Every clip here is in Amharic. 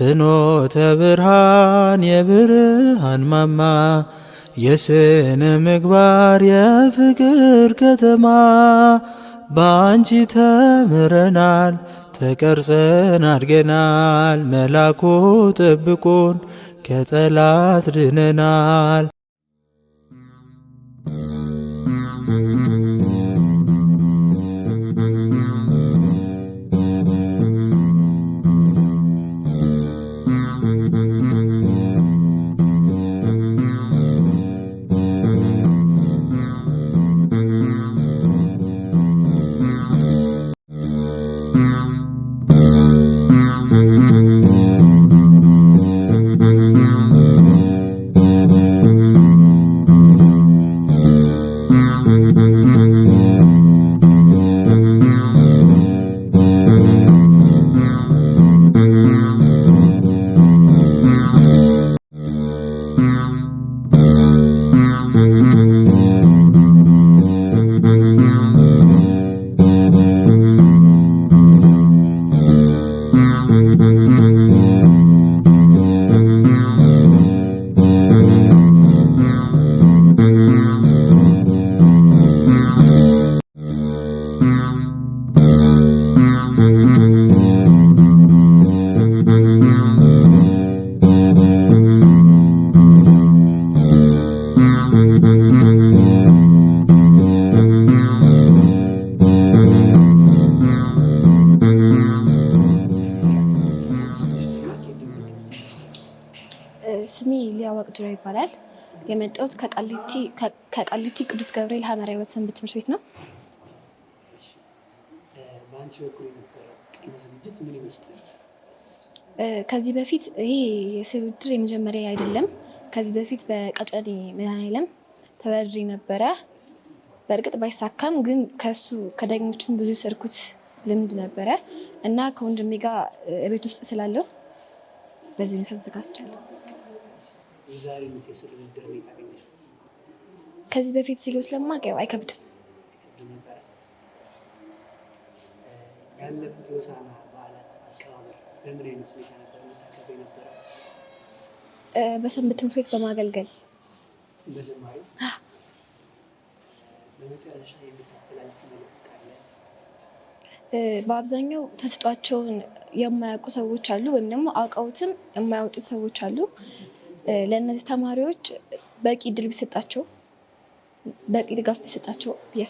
ፍኖተ ብርሃን የብርሃን ማማ የስነ ምግባር የፍቅር ከተማ በአንቺ ተምረናል ተቀርጸን አድገናል መላኩ ጠብቁን ከጠላት ድነናል። ቡታጅራ ይባላል። የመጣሁት ከቃሊቲ ቅዱስ ገብርኤል ሐመረ ሕይወት ሰንበት ትምህርት ቤት ነው። ከዚህ በፊት ይሄ የስዕል ውድድር የመጀመሪያ አይደለም። ከዚህ በፊት በቀጨኔ መድኃኔዓለም ተወዳድሬ ነበረ። በእርግጥ ባይሳካም ግን ከሱ ከዳኞቹም ብዙ ሰርኩት ልምድ ነበረ እና ከወንድሜ ጋር ቤት ውስጥ ስላለው በዚህ ተዘጋጅቻለሁ። ድርድር ከዚህ በፊት ሲሉ ስለማውቀው አይከብድም። ያለፉት የሆሳዕና በዓላት አከባበር በምን አይነት ሁኔታ ነበር በሰንበት ትምህርት ቤት በማገልገል በዘማሪ በመጨረሻ የምታስተላልፍ መልዕክት ካለ? በአብዛኛው ተስጧቸውን የማያውቁ ሰዎች አሉ፣ ወይም ደግሞ አውቀውትም የማያወጡት ሰዎች አሉ። ለእነዚህ ተማሪዎች በቂ እድል ቢሰጣቸው በቂ ድጋፍ ቢሰጣቸው ብዬ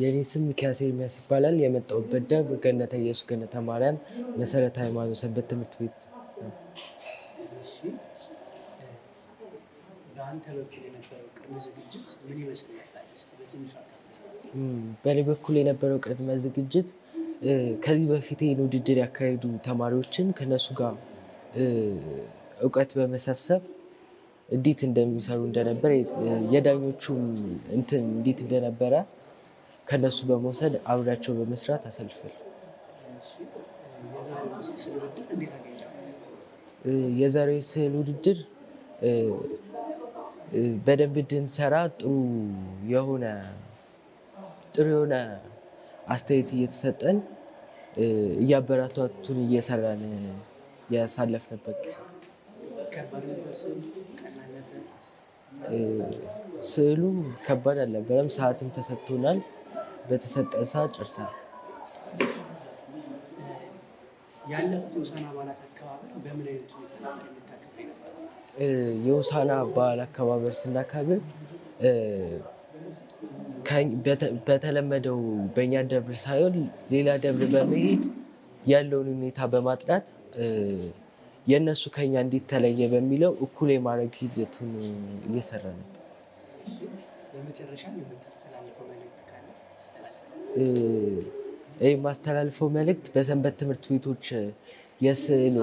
የኔ ስም ኪያሴ ኤርሚያስ ይባላል። የመጣሁበት ደብር ገነተ ኢየሱስ ገነተ ማርያም መሰረተ ሃይማኖት ሰንበት ትምህርት ቤት በእኔ በኩል የነበረው ቅድመ ዝግጅት ከዚህ በፊት ይህን ውድድር ያካሄዱ ተማሪዎችን ከነሱ ጋር እውቀት በመሰብሰብ እንዴት እንደሚሰሩ እንደነበረ የዳኞቹም እንትን እንዴት እንደነበረ ከነሱ በመውሰድ አብዳቸው በመስራት አሰልፍል። የዛሬው ስዕል ውድድር በደንብ እንድንሰራ ጥሩ የሆነ ጥሩ የሆነ አስተያየት እየተሰጠን እያበረታቱን እየሰራን ያሳለፍንበት ጊዜ ስዕሉ ከባድ አልነበረም። ሰዓትም ተሰጥቶናል። በተሰጠን ሰዓት ጨርሰናል። ያለፉት የሆሳዕና በዓላት አከባበር በምን አይነት ሁኔታ ነበር የሆሳዕና በዓል አከባበር ስናከብር በተለመደው በእኛ ደብር ሳይሆን ሌላ ደብር በመሄድ ያለውን ሁኔታ በማጥናት የእነሱ ከኛ እንዲተለየ በሚለው እኩል የማድረግ ሂደቱን እየሰራ ነው። የማስተላልፈው መልእክት በሰንበት ትምህርት ቤቶች የስዕል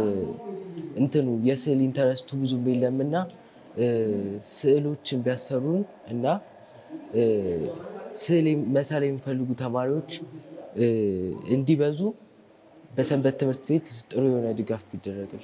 እንትኑ የስዕል ኢንተረስቱ ብዙ የለምና ስዕሎችን ቢያሰሩን እና ስዕል መሳል የሚፈልጉ ተማሪዎች እንዲበዙ በሰንበት ትምህርት ቤት ጥሩ የሆነ ድጋፍ ቢደረግል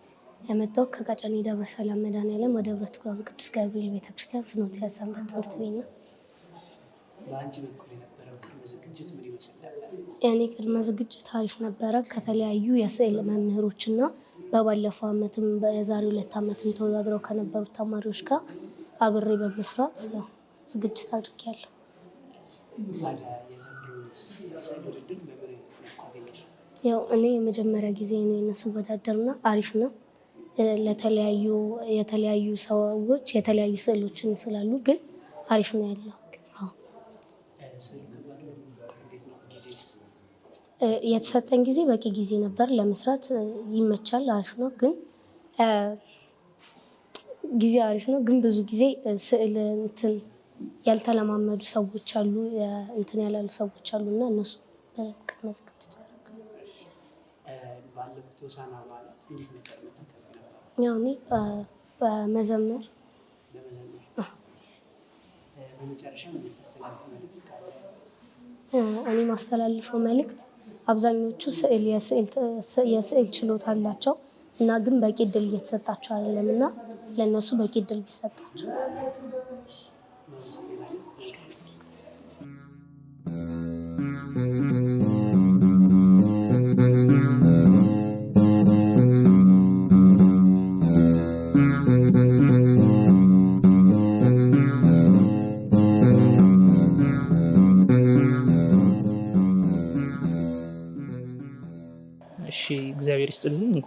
የመጣው ከቀጨኔ ደብረ ሰላም መድኃኔዓለም ወደ ህብረት ጉባኤ ቅዱስ ገብርኤል ቤተክርስቲያን ፍኖት ሰንበት ትምህርት ቤት ነው። የእኔ ቅድመ ዝግጅት አሪፍ ነበረ። ከተለያዩ የስዕል መምህሮች እና በባለፈው ዓመትም የዛሬ ሁለት ዓመትም ተወዳድረው ከነበሩት ተማሪዎች ጋር አብሬ በመስራት ዝግጅት አድርጌያለሁ። ያው እኔ የመጀመሪያ ጊዜ ነው የነሱ ወዳደርና አሪፍ ነው። ለተለያዩ የተለያዩ ሰዎች የተለያዩ ስዕሎችን ስላሉ ግን አሪፍ ነው ያለው። የተሰጠን ጊዜ በቂ ጊዜ ነበር ለመስራት ይመቻል። አሪፍ ነው ግን ጊዜ አሪፍ ነው ግን ብዙ ጊዜ ስዕል እንትን ያልተለማመዱ ሰዎች አሉ፣ እንትን ያላሉ ሰዎች አሉ እና እነሱ በቅድመ ዝግጅት ባለፉት ሆሳዕና በዓላት እንዴት ነበር? ያው እኔ በመዘመር እኔ ማስተላልፈው መልእክት አብዛኞቹ የስዕል ችሎታ አላቸው እና ግን በቂ እድል እየተሰጣቸው አይደለም እና ለእነሱ በቂ እድል ቢሰጣቸው Mm-hmm.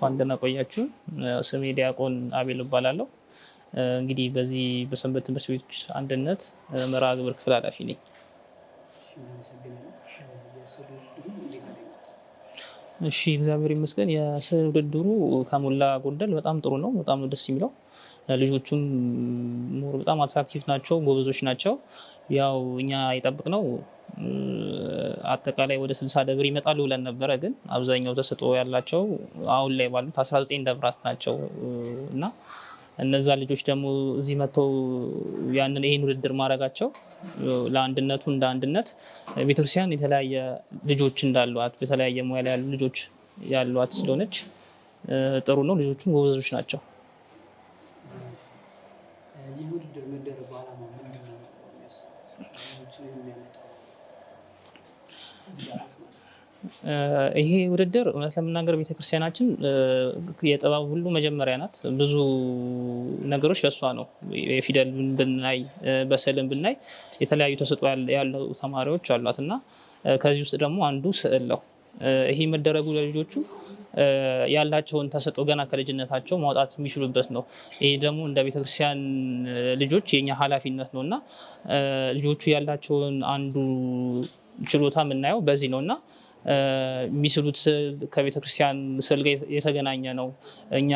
እንኳን ደህና ቆያችሁ። ስሜ ዲያቆን አቤል እባላለሁ። እንግዲህ በዚህ በሰንበት ትምህርት ቤቶች አንድነት መርሃ ግብር ክፍል ኃላፊ ነኝ። እሺ እግዚአብሔር ይመስገን። የስዕል ውድድሩ ከሞላ ጎደል በጣም ጥሩ ነው። በጣም ደስ የሚለው። ልጆቹም ሞር በጣም አትራክቲቭ ናቸው፣ ጎበዞች ናቸው። ያው እኛ የጠበቅነው አጠቃላይ ወደ ስልሳ ደብር ይመጣሉ ብለን ነበረ። ግን አብዛኛው ተሰጥኦ ያላቸው አሁን ላይ ባሉት አስራ ዘጠኝ ደብራት ናቸው እና እነዛ ልጆች ደግሞ እዚህ መጥተው ያንን ይህን ውድድር ማድረጋቸው ለአንድነቱ እንደ አንድነት ቤተክርስቲያን የተለያየ ልጆች እንዳሏት በተለያየ ሙያ ላይ ያሉ ልጆች ያሏት ስለሆነች ጥሩ ነው። ልጆቹም ጎበዞች ናቸው። ይሄ ውድድር እውነት ለምናገር ቤተክርስቲያናችን የጥበብ ሁሉ መጀመሪያ ናት። ብዙ ነገሮች በእሷ ነው። የፊደል ብናይ፣ በስዕልን ብናይ የተለያዩ ተሰጦ ያለው ተማሪዎች አሏት እና ከዚህ ውስጥ ደግሞ አንዱ ስዕል ነው። ይሄ መደረጉ ለልጆቹ ያላቸውን ተሰጦ ገና ከልጅነታቸው ማውጣት የሚችሉበት ነው። ይህ ደግሞ እንደ ቤተክርስቲያን ልጆች የኛ ኃላፊነት ነው እና ልጆቹ ያላቸውን አንዱ ችሎታ የምናየው በዚህ ነው እና የሚስሉት ስዕል ከቤተ ክርስቲያን ስዕል ጋር የተገናኘ ነው። እኛ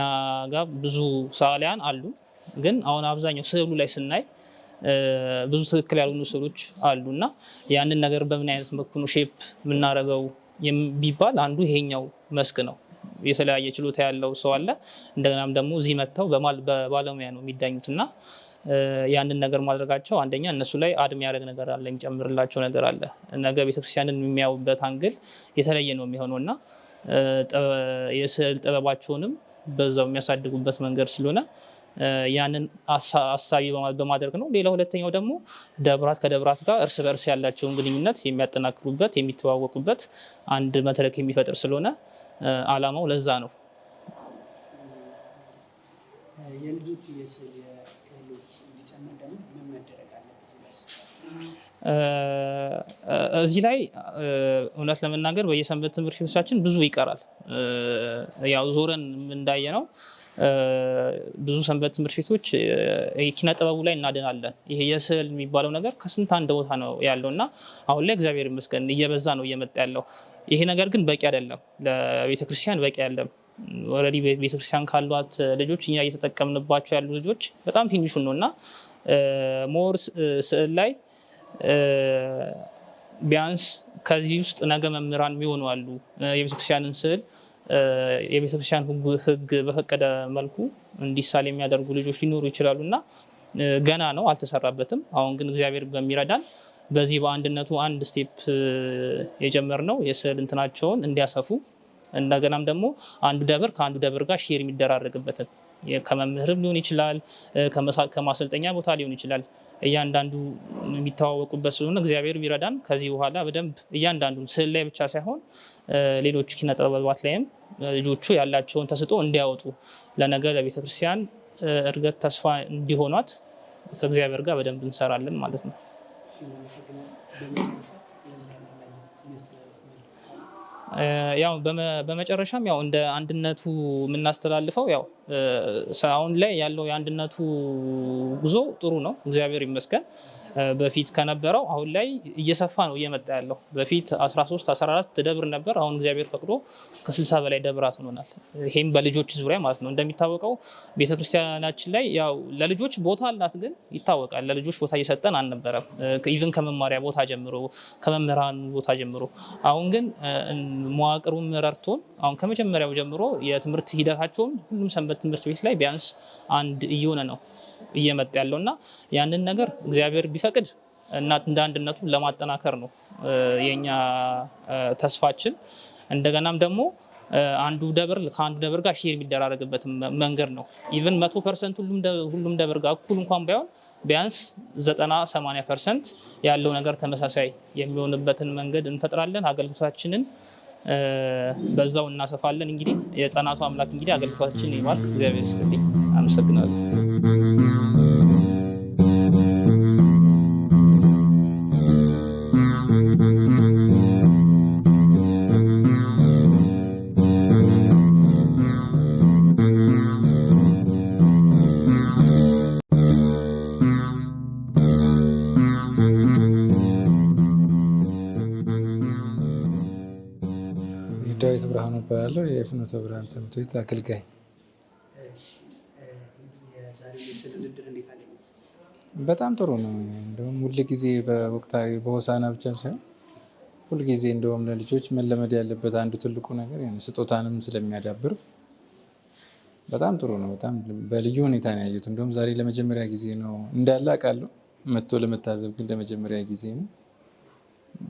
ጋር ብዙ ሰዓሊያን አሉ። ግን አሁን አብዛኛው ስዕሉ ላይ ስናይ ብዙ ትክክል ያልሆኑ ስዕሎች አሉ እና ያንን ነገር በምን አይነት መልኩ ሼፕ የምናደርገው ቢባል አንዱ ይሄኛው መስክ ነው። የተለያየ ችሎታ ያለው ሰው አለ። እንደገናም ደግሞ እዚህ መጥተው በባለሙያ ነው የሚዳኙት እና ያንን ነገር ማድረጋቸው አንደኛ እነሱ ላይ አድ ያደረግ ነገር አለ፣ የሚጨምርላቸው ነገር አለ። ነገ ቤተክርስቲያንን የሚያዩበት አንግል የተለየ ነው የሚሆነው እና የስዕል ጥበባቸውንም በዛው የሚያሳድጉበት መንገድ ስለሆነ ያንን አሳቢ በማድረግ ነው። ሌላ ሁለተኛው ደግሞ ደብራት ከደብራት ጋር እርስ በእርስ ያላቸውን ግንኙነት የሚያጠናክሩበት፣ የሚተዋወቁበት አንድ መድረክ የሚፈጥር ስለሆነ አላማው ለዛ ነው። የልጆቹ የስዕል እዚህ ላይ እውነት ለመናገር በየሰንበት ትምህርት ቤቶቻችን ብዙ ይቀራል። ያው ዞረን እንዳየ ነው ብዙ ሰንበት ትምህርት ቤቶች ኪነ ጥበቡ ላይ እናድናለን። ይሄ የስዕል የሚባለው ነገር ከስንት አንድ ቦታ ነው ያለው እና አሁን ላይ እግዚአብሔር ይመስገን እየበዛ ነው እየመጣ ያለው። ይሄ ነገር ግን በቂ አይደለም፣ ለቤተክርስቲያን በቂ አይደለም። ወረ ቤተክርስቲያን ካሏት ልጆች እኛ እየተጠቀምንባቸው ያሉ ልጆች በጣም ትንሹን ነው እና ሞር ስዕል ላይ ቢያንስ ከዚህ ውስጥ ነገ መምህራን የሚሆኑ አሉ። የቤተክርስቲያንን ስዕል የቤተክርስቲያን ህግ በፈቀደ መልኩ እንዲሳል የሚያደርጉ ልጆች ሊኖሩ ይችላሉ እና ገና ነው አልተሰራበትም። አሁን ግን እግዚአብሔር በሚረዳን በዚህ በአንድነቱ አንድ ስቴፕ ነው የስዕል እንትናቸውን እንዲያሰፉ እንደገናም ደግሞ አንዱ ደብር ከአንዱ ደብር ጋር ሼር የሚደራረግበትን ከመምህርም ሊሆን ይችላል ከማሰልጠኛ ቦታ ሊሆን ይችላል እያንዳንዱ የሚተዋወቁበት ስለሆነ እግዚአብሔር ቢረዳን ከዚህ በኋላ በደንብ እያንዳንዱ ስዕል ላይ ብቻ ሳይሆን ሌሎች ኪነ ጥበባት ላይም ልጆቹ ያላቸውን ተስጦ እንዲያወጡ ለነገ ለቤተክርስቲያን እድገት ተስፋ እንዲሆኗት ከእግዚአብሔር ጋር በደንብ እንሰራለን ማለት ነው። ያው በመጨረሻም ያው እንደ አንድነቱ የምናስተላልፈው ያው አሁን ላይ ያለው የአንድነቱ ጉዞ ጥሩ ነው፣ እግዚአብሔር ይመስገን። በፊት ከነበረው አሁን ላይ እየሰፋ ነው እየመጣ ያለው። በፊት 13 14 ደብር ነበር። አሁን እግዚአብሔር ፈቅዶ ከ60 በላይ ደብራት ሆኖናል። ይሄም በልጆች ዙሪያ ማለት ነው። እንደሚታወቀው ቤተክርስቲያናችን ላይ ያው ለልጆች ቦታ አላት፣ ግን ይታወቃል ለልጆች ቦታ እየሰጠን አልነበረም። ኢቭን ከመማሪያ ቦታ ጀምሮ ከመምህራን ቦታ ጀምሮ አሁን ግን መዋቅሩም ረድቶን አሁን ከመጀመሪያው ጀምሮ የትምህርት ሂደታቸውም ሁሉም ሰንበት ትምህርት ቤት ላይ ቢያንስ አንድ እየሆነ ነው እየመጣ ያለው እና ያንን ነገር እግዚአብሔር ቢፈቅድ እንደ አንድነቱ ለማጠናከር ነው የኛ ተስፋችን። እንደገናም ደግሞ አንዱ ደብር ከአንዱ ደብር ጋር ሼር የሚደራረግበት መንገድ ነው። ኢቨን መቶ ፐርሰንት ሁሉም ደብር ጋር እኩል እንኳን ባይሆን ቢያንስ ዘጠና ሰማንያ ፐርሰንት ያለው ነገር ተመሳሳይ የሚሆንበትን መንገድ እንፈጥራለን። አገልግሎታችንን በዛው እናሰፋለን። እንግዲህ የጸናቱ አምላክ እንግዲህ አገልግሎታችን ይማል። እግዚአብሔር ይስጥልኝ። አመሰግናለሁ። ዳዊት ብርሃኑ እባላለሁ። የፍኖተ ብርሃን ሰምቶት አገልጋይ። በጣም ጥሩ ነው። እንደውም ሁል ጊዜ በወቅታዊ በሆሳና ብቻ ሳይሆን ሁል ጊዜ እንደውም ለልጆች መለመድ ያለበት አንዱ ትልቁ ነገር ስጦታንም ስለሚያዳብር በጣም ጥሩ ነው። በጣም በልዩ ሁኔታ ነው ያዩት። እንደውም ዛሬ ለመጀመሪያ ጊዜ ነው እንዳለ አውቃለሁ። መጥቶ ለመታዘብ ግን ለመጀመሪያ ጊዜ ነው።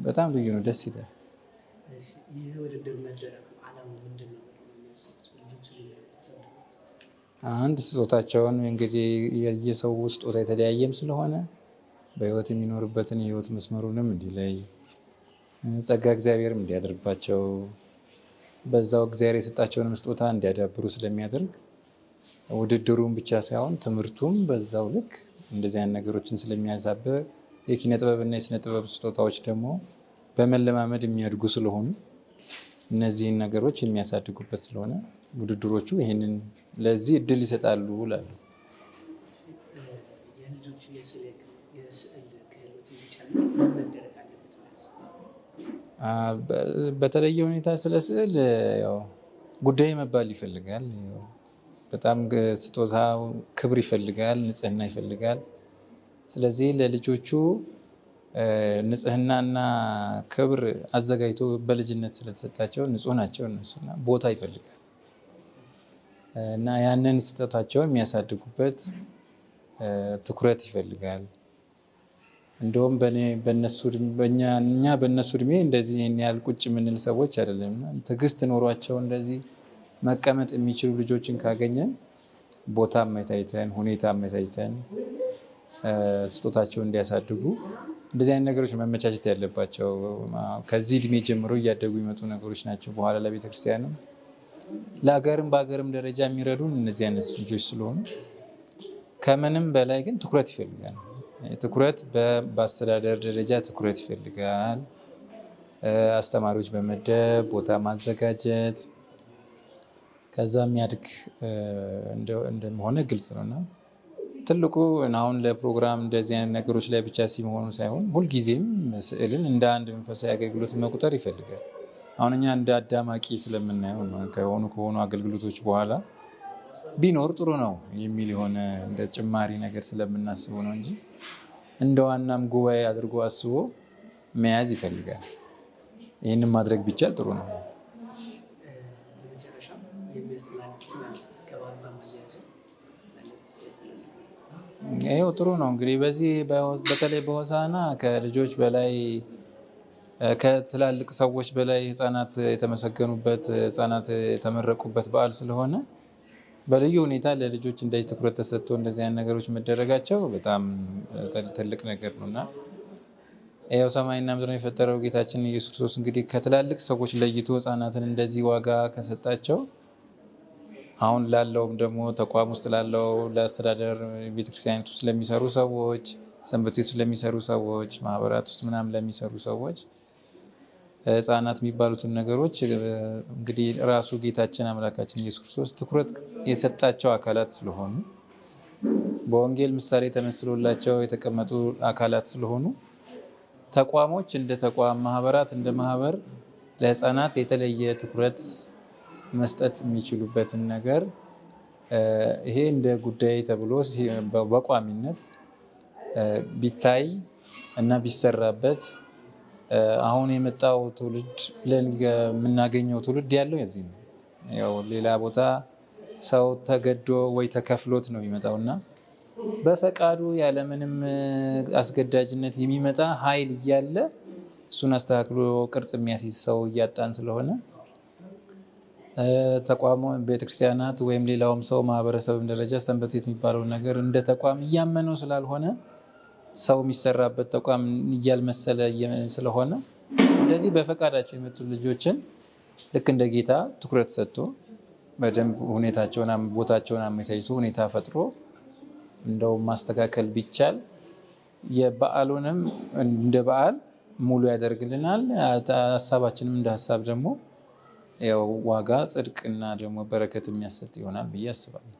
በጣም ልዩ ነው። ደስ ይላል። ይህ ውድድር ምንድን ነው? አንድ ስጦታቸውን እንግዲህ የየሰው ስጦታ የተለያየም ስለሆነ በህይወት የሚኖርበትን የህይወት መስመሩንም እንዲለይ ጸጋ እግዚአብሔርም እንዲያደርግባቸው በዛው እግዚአብሔር የሰጣቸውንም ስጦታ እንዲያዳብሩ ስለሚያደርግ ውድድሩን ብቻ ሳይሆን ትምህርቱም በዛው ልክ እንደዚህ ነገሮችን ስለሚያዛብር የኪነ ጥበብና የስነ ጥበብ ስጦታዎች ደግሞ በመለማመድ የሚያድጉ ስለሆኑ እነዚህን ነገሮች የሚያሳድጉበት ስለሆነ ውድድሮቹ ይህንን ለዚህ እድል ይሰጣሉ ላሉ በተለየ ሁኔታ ስለ ስዕል ጉዳይ መባል ይፈልጋል። በጣም ስጦታው ክብር ይፈልጋል፣ ንጽህና ይፈልጋል። ስለዚህ ለልጆቹ ንጽህናና ክብር አዘጋጅቶ በልጅነት ስለተሰጣቸው ንጹህ ናቸው እነሱና ቦታ ይፈልጋል እና ያንን ስጠታቸውን የሚያሳድጉበት ትኩረት ይፈልጋል። እንደውም እኛ በእነሱ እድሜ እንደዚህ ይህን ያህል ቁጭ የምንል ሰዎች አይደለም። ትዕግስት ኖሯቸው እንደዚህ መቀመጥ የሚችሉ ልጆችን ካገኘን ቦታ መታይተን ሁኔታ መታይተን ስጦታቸውን እንዲያሳድጉ እንደዚህ አይነት ነገሮች መመቻቸት ያለባቸው ከዚህ እድሜ ጀምሮ እያደጉ የመጡ ነገሮች ናቸው። በኋላ ለቤተክርስቲያንም ለሀገርም በሀገርም ደረጃ የሚረዱን እነዚህ አይነት ልጆች ስለሆኑ ከምንም በላይ ግን ትኩረት ይፈልጋል። ትኩረት በአስተዳደር ደረጃ ትኩረት ይፈልጋል። አስተማሪዎች በመደብ ቦታ ማዘጋጀት ከዛ የሚያድግ እንደሆነ ግልጽ ነውና ትልቁ አሁን ለፕሮግራም እንደዚህ አይነት ነገሮች ላይ ብቻ ሲሆኑ ሳይሆን ሁልጊዜም ስዕልን እንደ አንድ መንፈሳዊ አገልግሎት መቁጠር ይፈልጋል። አሁን እኛ እንደ አዳማቂ ስለምናየው ከሆኑ ከሆኑ አገልግሎቶች በኋላ ቢኖር ጥሩ ነው የሚል የሆነ እንደ ጭማሪ ነገር ስለምናስቡ ነው እንጂ እንደ ዋናም ጉባኤ አድርጎ አስቦ መያዝ ይፈልጋል። ይህንን ማድረግ ቢቻል ጥሩ ነው። ይሄው ጥሩ ነው እንግዲህ በዚህ በተለይ በሆሳና ከልጆች በላይ ከትላልቅ ሰዎች በላይ ህፃናት የተመሰገኑበት ህፃናት የተመረቁበት በዓል ስለሆነ በልዩ ሁኔታ ለልጆች እንደ ትኩረት ተሰጥቶ እንደዚህ አይነት ነገሮች መደረጋቸው በጣም ትልቅ ነገር ነው እና ያው ሰማይና ምድርን የፈጠረው ጌታችን ኢየሱስ ክርስቶስ እንግዲህ ከትላልቅ ሰዎች ለይቶ ህፃናትን እንደዚህ ዋጋ ከሰጣቸው አሁን ላለውም ደግሞ ተቋም ውስጥ ላለው ለአስተዳደር ቤተክርስቲያን ውስጥ ለሚሰሩ ሰዎች፣ ሰንበት ቤት ለሚሰሩ ሰዎች፣ ማህበራት ውስጥ ምናምን ለሚሰሩ ሰዎች ህፃናት የሚባሉትን ነገሮች እንግዲህ ራሱ ጌታችን አምላካችን ኢየሱስ ክርስቶስ ትኩረት የሰጣቸው አካላት ስለሆኑ በወንጌል ምሳሌ ተመስሎላቸው የተቀመጡ አካላት ስለሆኑ ተቋሞች እንደ ተቋም፣ ማህበራት እንደ ማህበር ለህፃናት የተለየ ትኩረት መስጠት የሚችሉበትን ነገር ይሄ እንደ ጉዳይ ተብሎ በቋሚነት ቢታይ እና ቢሰራበት አሁን የመጣው ትውልድ ብለን የምናገኘው ትውልድ ያለው የዚህ ነው። ያው ሌላ ቦታ ሰው ተገዶ ወይ ተከፍሎት ነው የሚመጣው እና በፈቃዱ ያለምንም አስገዳጅነት የሚመጣ ኃይል እያለ እሱን አስተካክሎ ቅርጽ የሚያስይዝ ሰው እያጣን ስለሆነ ተቋሙ ቤተክርስቲያናት ወይም ሌላውም ሰው ማህበረሰብም ደረጃ ሰንበት ቤት የሚባለውን ነገር እንደ ተቋም እያመነው ስላልሆነ ሰው የሚሰራበት ተቋም እያልመሰለ ስለሆነ እንደዚህ በፈቃዳቸው የመጡ ልጆችን ልክ እንደ ጌታ ትኩረት ሰጥቶ በደንብ ሁኔታቸውን ቦታቸውን አመቻችቶ ሁኔታ ፈጥሮ እንደውም ማስተካከል ቢቻል የበዓሉንም እንደ በዓል ሙሉ ያደርግልናል። ሀሳባችንም እንደ ሀሳብ ደግሞ ያው ዋጋ ጽድቅና ደግሞ በረከት የሚያሰጥ ይሆናል ብዬ አስባለሁ።